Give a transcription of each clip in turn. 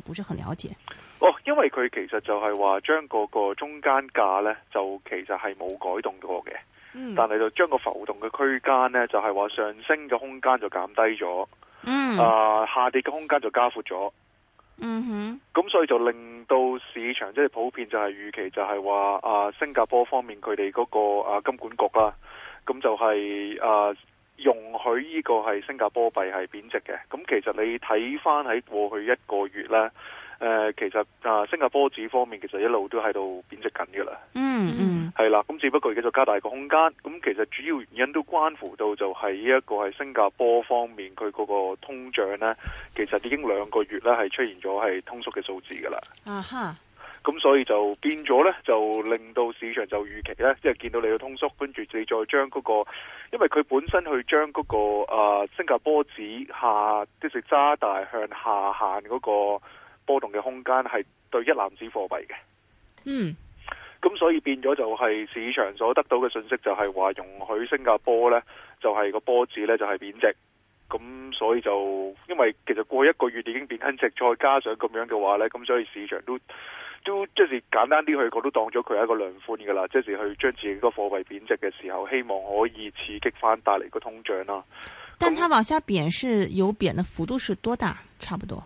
不是很了解。哦，因為佢其實就係話將嗰個中間價咧，就其實係冇改動過嘅。嗯，但係就將個浮動嘅區間咧，就係話上升嘅空間就減低咗。嗯，啊，下跌嘅空間就加闊咗。嗯哼，咁所以就令到市場即係普遍就係預期就係話啊，新加坡方面佢哋嗰個啊金管局啦，咁就係啊。容許呢個係新加坡幣係貶值嘅，咁其實你睇返喺過去一個月呢，誒、呃，其實啊，新加坡紙方面其實一路都喺度貶值緊噶啦，嗯嗯、mm，係、hmm. 啦，咁只不過繼續加大一個空間，咁其實主要原因都關乎到就係呢一個係新加坡方面佢嗰個通脹呢，其實已經兩個月呢係出現咗係通縮嘅數字噶啦，uh huh. 咁所以就變咗呢，就令到市場就預期呢，即係見到你嘅通縮，跟住你再將嗰、嗰個，因為佢本身去將嗰、嗰個、啊、新加坡紙下即係揸大向下限嗰個波動嘅空間，係對一籃子貨幣嘅。嗯，咁所以變咗就係市場所得到嘅信息就係話容許新加坡呢，就係、是、個波紙呢，就係、是、貶值。咁所以就因為其實過一個月已經貶緊值，再加上咁樣嘅話呢，咁所以市場都，都即係簡單啲去講，都當咗佢係一個量寬噶啦，即係去將自己個貨幣貶值嘅時候，希望可以刺激翻，帶嚟個通脹啦。但它往下貶是有貶的幅度是多大？差不多。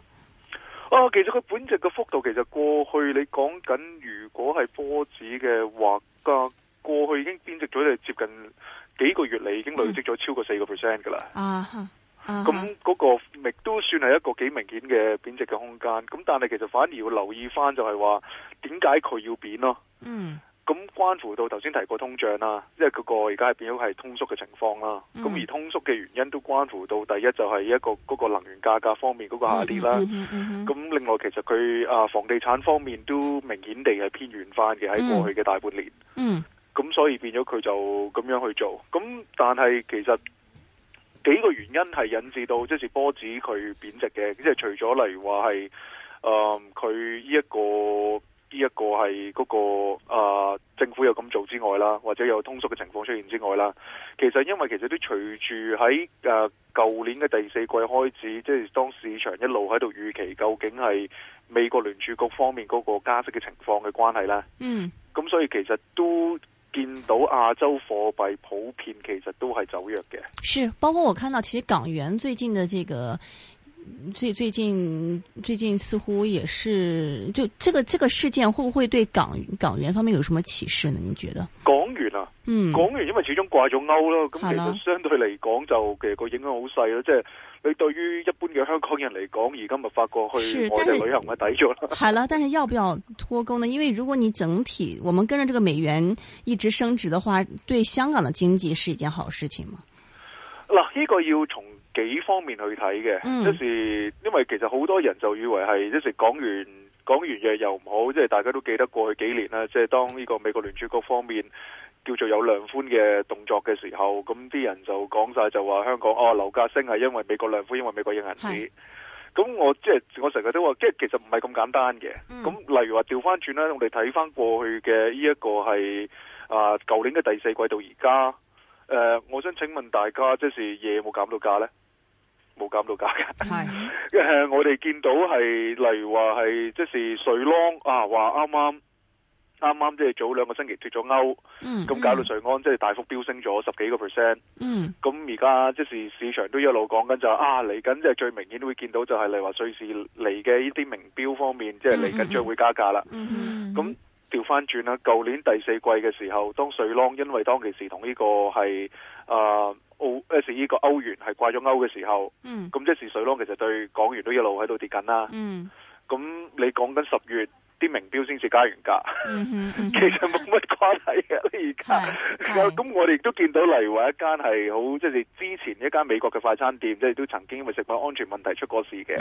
哦、啊，其實佢貶值嘅幅度，其實過去你講緊如果係波子嘅話噶，過去已經貶值咗，就接近幾個月嚟已經累積咗超過四個 percent 噶啦。啊。咁嗰、uh huh. 個亦都算係一個幾明顯嘅貶值嘅空間，咁但係其實反而要留意翻就係話點解佢要貶咯、啊。嗯、mm，咁、hmm. 關乎到頭先提過通脹啦、啊，因為佢個而家係變咗係通縮嘅情況啦、啊。咁、mm hmm. 而通縮嘅原因都關乎到第一就係一個嗰個能源價格方面嗰個下跌啦。咁、mm hmm. 另外其實佢啊房地產方面都明顯地係偏軟化嘅喺過去嘅大半年。嗯、mm，咁、hmm. 所以變咗佢就咁樣去做，咁但係其實。幾個原因係引致到即是波子佢貶值嘅，即係除咗例如話係，誒佢呢一個呢一個係嗰個啊政府有咁做之外啦，或者有通縮嘅情況出現之外啦，其實因為其實都隨住喺誒舊年嘅第四季開始，即係當市場一路喺度預期究竟係美國聯儲局方面嗰個加息嘅情況嘅關係啦，嗯，咁所以其實都。見到亞洲貨幣普遍其實都係走弱嘅，是包括我看到其實港元最近的這個最最近最近似乎也是就這個這個事件，會不會對港港元方面有什麼啟示呢？你覺得港元啊，嗯，港元因為始終掛咗鉤咯，咁其實相對嚟講就其實個影響好細咯，即、就、係、是。佢對於一般嘅香港人嚟講，而家咪發過去外地旅行咪抵咗啦。係啦，但是要不要脫勾呢？因為如果你整體，我們跟着這個美元一直升值的話，對香港的經濟是一件好事情嘛。嗱，呢個要從幾方面去睇嘅，即、嗯、是因為其實好多人就以為係，即係講完講完嘢又唔好，即係大家都記得過去幾年啦，即係當呢個美國聯儲局方面。叫做有量寬嘅動作嘅時候，咁啲人就講晒，就話香港哦樓價升係因為美國量寬，因為美國印銀紙。咁是我即係、就是、我成日都話，即係其實唔係咁簡單嘅。咁、嗯、例如話調翻轉啦，我哋睇翻過去嘅呢一個係啊舊年嘅第四季到而家，誒、呃，我想請問大家，即是嘢冇減到價呢？冇減到價嘅是、 呃。我哋見到係例如話係，即是瑞郎啊話啱啱。啱啱即係早兩個星期脱咗歐，咁搞到瑞安即係大幅飆升咗十幾個 percent。咁而家即時市場都一路講緊就是、啊嚟緊，即係最明顯都會見到就係例如話瑞士嚟嘅呢啲名表方面，即係嚟緊將會加價啦。咁調翻轉啦，舊、嗯嗯嗯嗯、年第四季嘅時候，當瑞郎因為當其時同呢個係啊歐 S 呢個歐元係掛咗鈎嘅時候，咁即、嗯、是瑞郎其實對港元都一路喺度跌緊啦。咁、嗯、你講緊十月。啲名標先至加完價，mm hmm, 其實冇乜關係嘅。而家咁， 是 我哋都見到，例如話一間係好，即、就、係、是、之前一間美國嘅快餐店，即、就、係、是、都曾經因為食品安全問題出過事嘅。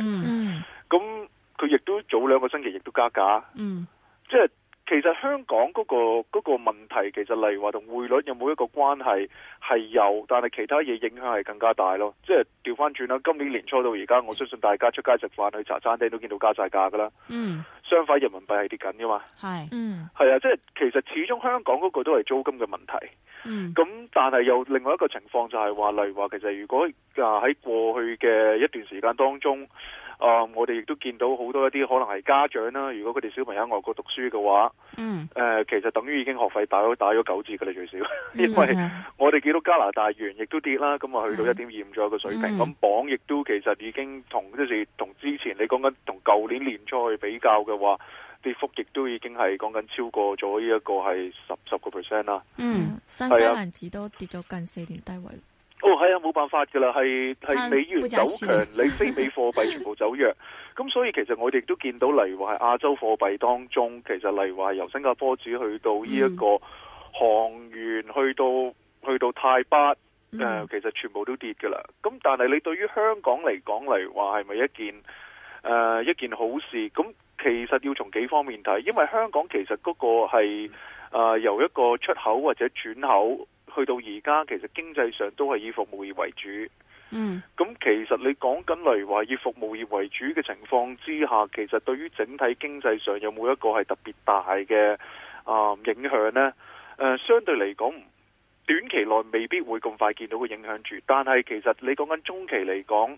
咁佢亦都早兩個星期也，亦都加價。Hmm. 即係其實香港嗰、那個嗰、那個問題，其實例如話同匯率有冇一個關係係有，但係其他嘢影響係更加大咯。即係調返轉啦，今年年初到而家，我相信大家出街食飯去茶餐廳都見到加晒價噶啦。Mm hmm. 相反，人民幣係跌緊嘅嘛，係是，嗯，係啊，即係其實始終香港嗰個都係租金嘅問題，嗯，咁但係又另外一個情況就係話，例如話其實如果啊喺過去嘅一段時間當中。啊！Um, 我哋亦都見到好多一啲可能係家長啦。如果佢哋小朋友外國讀書嘅話，嗯、呃，其實等於已經學費打咗打咗九字嘅啦，最少。 因為我哋見到加拿大元亦都跌啦，咁、嗯、啊、嗯、去到一點二五左右嘅水平。咁、嗯、磅亦都其實已經同即、即係同之前你講緊同舊年年初去比較嘅話，跌幅亦都已經係講緊超過咗呢一個係十十個 percent 啦。嗯，新西蘭紙都跌咗近四年低位。嗯。哦，係啊，冇辦法噶啦，係係美元走強，你非美貨幣全部走弱，咁 所以其實我哋都見到，例如話係亞洲貨幣當中，其實例如話由新加坡紙去到呢一個韓元，去到去到泰巴，誒、嗯呃，其實全部都跌噶啦。咁但係你對於香港嚟講嚟話係咪一件誒、呃、一件好事？咁其實要從幾方面睇，因為香港其實嗰個係誒、呃、由一個出口或者轉口。去到而家，其實經濟上都係以服務業為主。嗯，咁其實你講緊例如話以服務業為主嘅情況之下，其實對於整體經濟上有冇一個係特別大嘅啊、嗯、影響咧？誒、嗯，相對嚟講，短期內未必會咁快見到個影響住。但係其實你講緊中期嚟講，誒、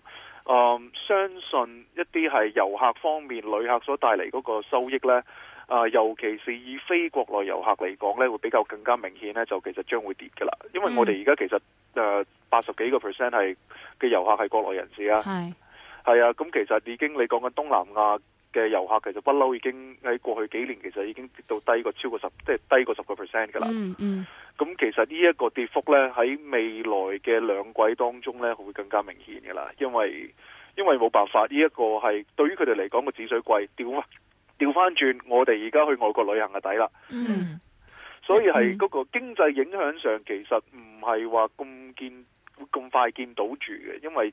嗯，相信一啲係遊客方面、旅客所帶嚟嗰個收益咧。啊、呃，尤其是以非國內遊客嚟講咧，會比較更加明顯咧，就其實將會跌嘅啦。因為我哋而家其實誒八十幾個 percent 係嘅遊客係國內人士啊，係是啊。咁、嗯、其實已經你講緊東南亞嘅遊客，其實不嬲已經喺過去幾年，其實已經跌到低過超過十，即係低過十個 percent 噶啦。咁、嗯嗯嗯、其實呢一個跌幅咧，喺未來嘅兩季當中咧，會更加明顯噶啦。因為因為冇辦法，呢、這、一個係對於佢哋嚟講個止水貴，掉返轉，我哋而家去外國旅行嘅底啦。嗯，所以係嗰個經濟影響上，其實唔係話咁見咁快見到住嘅，因為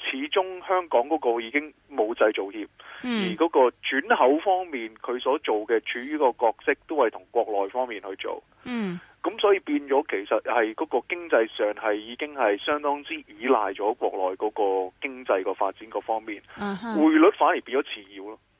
始終香港嗰個已經冇製造業，嗯、而嗰個轉口方面，佢所做嘅處於個角色都係同國內方面去做。嗯，咁所以變咗，其實係嗰個經濟上係已經係相當之依賴咗國內嗰個經濟個發展各方面，匯、啊、哼率反而變咗次要咯。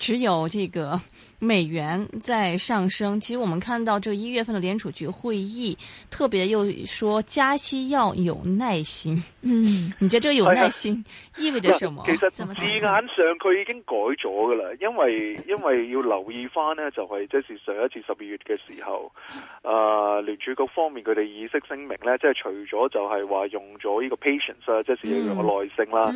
只有這個美元在上升。其實我們看到這個一月份的聯儲局會議，特別又說加息要有耐心。嗯，你覺得這個有耐心意味着什麼？哎、其實怎麼講，字眼上佢已經改咗㗎喇，因為因為要留意返呢，就係即是上一次十二月嘅時候，呃聯儲局方面佢哋意識聲明呢，即係除咗就係話用咗呢個 patience 啊、嗯，即是用個耐性啦。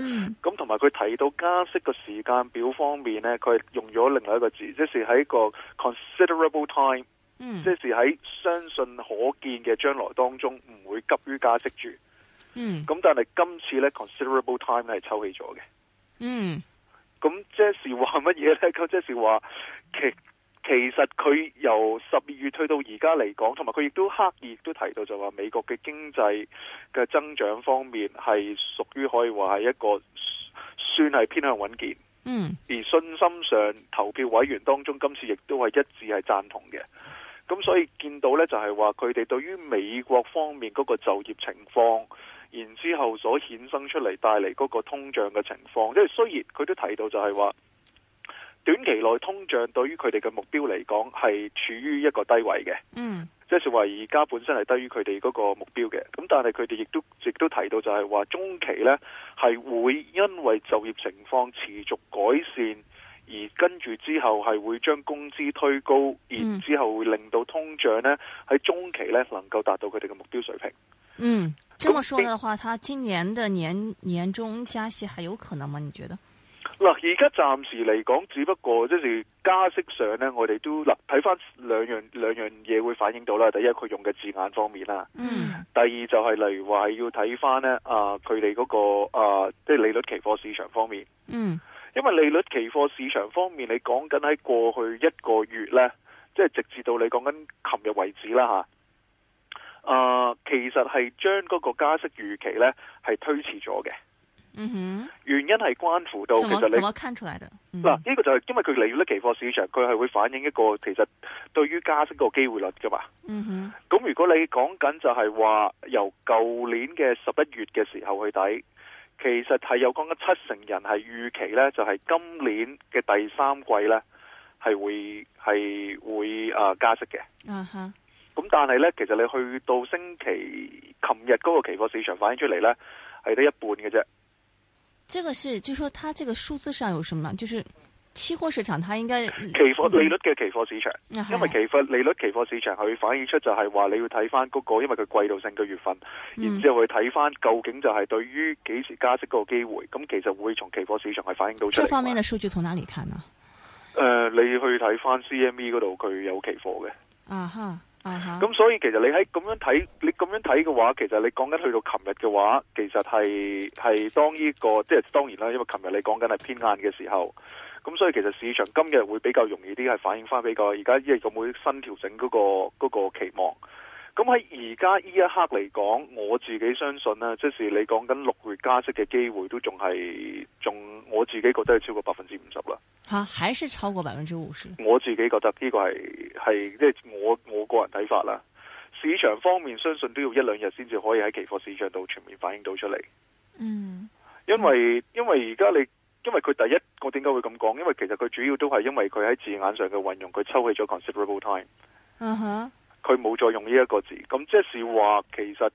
咁同埋佢提到加息嘅時間表方面呢，佢係用咗另外一個字，即是喺個 considerable time，嗯，即是喺相信可見嘅將來當中唔會急於加息住。嗯，咁但係今次呢 considerable time 咧係抽起咗嘅。嗯，咁即是話乜嘢呢？佢即是話其其實佢由十二月推到而家嚟講，同埋佢亦都刻意都提到就話美國嘅經濟嘅增長方面係屬於可以話係一個算係偏向穩健。嗯，而信心上投票委員當中今次亦都係一致係贊同嘅，咁所以見到咧就係話佢哋對於美國方面嗰個就業情況，然之後所衍生出嚟帶嚟嗰個通脹嘅情況，即係雖然佢都提到就係話短期內通脹對於佢哋嘅目標嚟講係處於一個低位嘅，嗯。即係話，而家本身係低於佢哋嗰個目標嘅，咁但係佢哋亦都亦都提到，就係話中期呢係會因為就業情況持續改善，而跟住之後係會將工資推高，然之後會令到通脹呢喺中期呢能夠達到佢哋嘅目標水平。嗯，這麼說的話，那他今年的年年中加息還有可能嗎？你覺得？嗱，而家暫時嚟講，只不過即係加息上咧，我哋都嗱睇翻，兩樣兩樣嘢，會反映到啦。第一，佢用嘅字眼方面啦，嗯，第二就係例如話要睇翻咧啊，佢哋嗰個啊，即係利率期貨市場方面，嗯，因為利率期貨市場方面，你講緊喺過去一個月咧，即係直至到你講緊琴日為止啦吓。啊，其實係將嗰個加息預期咧，係推遲咗嘅。嗯哼，原因係關乎到怎麼其實你，嗱呢、嗯啊這個就係因為佢嚟到期貨市場，佢係會反映一個其實對於加息個機會率㗎嘛。嗯哼，咁如果你講緊就係話由舊年嘅十一月嘅時候去睇，其實係有講緊七成人係預期咧，就係、是、今年嘅第三季咧係會係會誒、呃、加息嘅。嗯哼，咁但係咧，其實你去到星期琴日嗰個期貨市場反映出嚟咧係得一半嘅啫。這個是，就是、說，它這個數字上有什麼？就是期貨市場，它應該期貨利率嘅期貨市場，嗯、因為期貨利率期貨市場佢反映出就係話，你要睇翻、嗰個，因為佢季度性嘅月份，嗯、然之後去睇翻究竟就係對於幾時加息嗰個機會。咁其實會從期貨市場係反映到出。這方面的數據從哪裏看呢？誒、呃，你去睇翻 C M E 嗰度，佢有期貨嘅。啊哈。咁、uh huh. 所以其實你喺咁樣睇，你咁樣睇嘅話，其實你講緊去到琴日嘅話，其實係係當呢、這個即係當然啦，因為琴日你講緊係偏晏嘅時候，咁所以其實市場今日會比較容易啲，係反映翻比較而家即係有冇新調整嗰、那個嗰、那個期望。咁喺而家呢一刻嚟講，我自己相信咧，即是你講緊六月加息嘅機會都仲係仲，我自己覺得係超過百分之五十啦。啊，還是超過百分之五十？我自己覺得呢個係係即係我我個人睇法啦。市場方面，相信都要一兩日先至可以喺期貨市場度全面反映到出嚟。嗯，因為因為而家你因為佢第一個，我點解會咁講？因為其實佢主要都係因為佢喺字眼上嘅運用，佢抽起咗 considerable time 嗯。嗯哼。佢冇再用呢一個字，咁即是話其實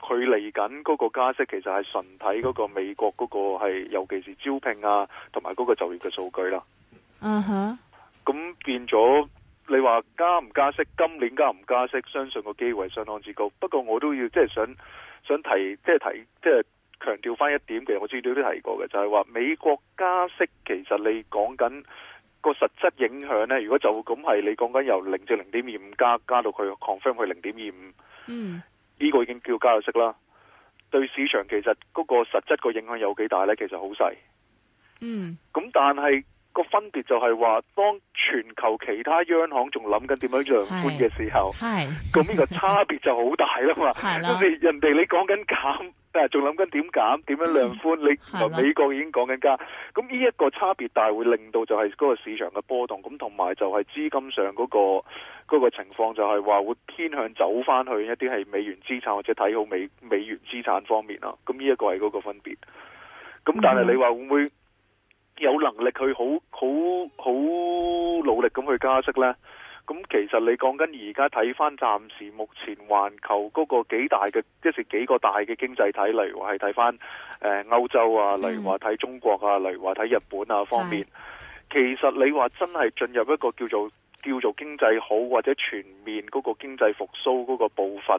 佢嚟緊嗰個加息，其實係純睇嗰個美國嗰個係，尤其是招聘啊，同埋嗰個就業嘅數據啦。嗯哼、uh，咁、huh，變咗你話加唔加息，今年加唔加息，相信個機會相當之高。不過我都要即係、就是、想想提，即、就、係、是、提即係強調翻一點，其實我之前都都提過嘅，就係、是、話美國加息，其實你講緊。個實質影響呢，如果就咁係你講緊由零至零點二五加加到佢 confirm 去零點二五，呢、嗯、個已經叫加咗息啦。對市場其實嗰個實質個影響有幾大呢？其實好細。嗯。咁但係個分別就係話，當全球其他央行仲諗緊點樣量寬嘅時候，咁呢個差別就好大啦嘛。係的人哋你講緊減。但係仲諗緊點減，點樣量寬，嗯、你的美國已經講緊加，咁呢一個差別大會令到就係嗰個市場嘅波動，咁同埋就係資金上嗰、嗰個、嗰個情況就係話會偏向走翻去一啲係美元資產或者睇好美美元資產方面啦。咁呢一個係嗰個分別。咁但係你話會唔會有能力去好好好努力咁去加息呢？咁其實你講緊而家睇翻暫時目前環球嗰個幾大嘅，即、就是幾個大嘅經濟體，例如話係睇翻誒歐洲啊，嗯、例如話睇中國啊，例如話睇日本啊方面，是的 其實你話真係進入一個叫做叫做經濟好或者全面嗰個經濟復甦嗰個步伐。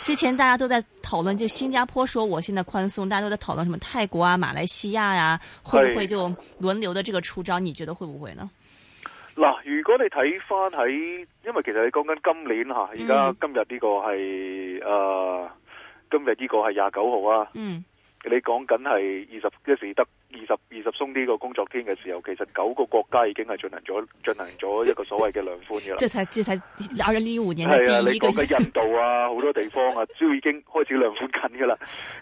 之前大家都在討論，就新加坡說，我現在寬鬆，大家都在討論什麼泰國啊、馬來西亞呀、啊，會不會就輪流的這個出招？是你覺得會不會呢？嗱，如果你睇翻喺，因為其實你講緊今年吓，而家今日呢個係誒、嗯呃，今日呢個係廿九號啊，嗯、你講緊係二十一時得。二十二十鬆呢個工作天嘅時候，其實九個國家已經係進行咗進行咗一個所謂嘅量寬嘅啦，即係即係二零一五年嘅第一係啊，你講嘅印度啊，好 多地方啊，都已經開始量寬緊噶啦。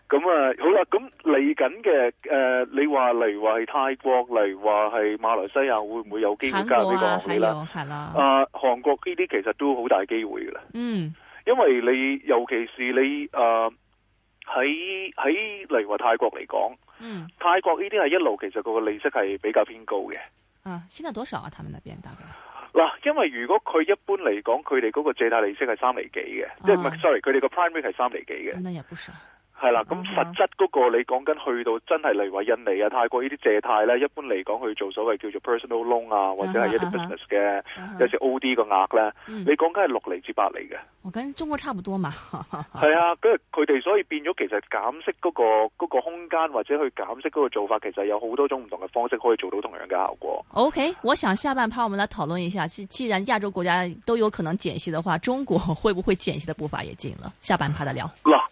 咁、嗯、啊，好啦，咁嚟緊嘅誒，你話例如話係泰國例如話係馬來西亞，會唔會有機會加入呢個行列啦？係啦、啊，是啊，韓國呢啲其實都好大機會噶啦。嗯，因為你尤其是你啊，喺喺例如話泰國嚟講。嗯，泰國呢啲係一路其實個利息係比較偏高嘅。啊，現在多少啊？他們那邊大概嗱，因為如果佢一般嚟講，佢哋嗰個借貸利息係三厘幾嘅，即係唔係，sorry，佢哋個 prime rate 係三厘幾嘅。那也不少。係啦，咁、嗯嗯、實質嗰個你講緊去到真係例如話印尼啊、泰國呢啲借貸咧，一般嚟講去做所謂叫做 personal loan 啊，或者係一啲 business 嘅，有時 O D 個額咧，嗯嗯、你講緊係六厘至八厘嘅。我跟中國差唔多嘛。係啊，跟住佢哋所以變咗，其實減息嗰、那個、那個空間或者去減息嗰個做法，其實有好多種唔同嘅方式可以做到同樣嘅效果。OK，我想下半 part 我們來討論一下，既既然亞洲國家都有可能減息的話，中國會不會減息的步伐也進了？下半 part 再聊。了